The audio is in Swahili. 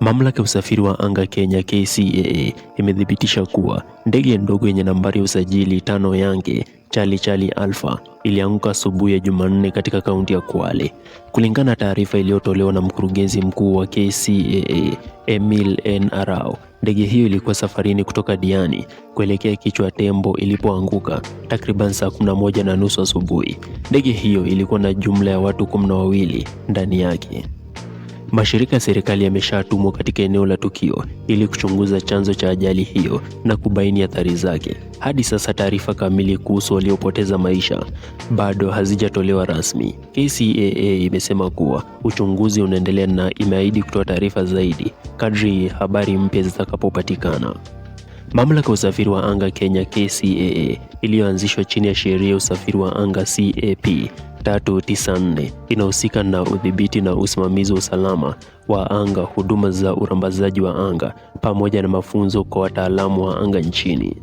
Mamlaka ya usafiri wa anga Kenya KCAA imethibitisha kuwa ndege ndogo yenye nambari ya usajili tano Yange Chali Chali Alpha ilianguka asubuhi ya Jumanne katika kaunti ya Kwale. Kulingana na taarifa iliyotolewa na mkurugenzi mkuu wa KCAA Emil N. Arao, ndege hiyo ilikuwa safarini kutoka Diani kuelekea Kichwa Tembo ilipoanguka takriban saa kumi na moja na nusu asubuhi. Ndege hiyo ilikuwa na jumla ya watu kumi na wawili ndani yake. Mashirika ya serikali yameshatumwa katika eneo la tukio ili kuchunguza chanzo cha ajali hiyo na kubaini athari zake. Hadi sasa taarifa kamili kuhusu waliopoteza maisha bado hazijatolewa rasmi. KCAA imesema kuwa uchunguzi unaendelea na imeahidi kutoa taarifa zaidi kadri habari mpya zitakapopatikana. Mamlaka ya usafiri wa anga Kenya KCAA iliyoanzishwa chini ya sheria ya usafiri wa anga CAP 394 inahusika na udhibiti na usimamizi wa usalama wa anga, huduma za urambazaji wa anga pamoja na mafunzo kwa wataalamu wa anga nchini.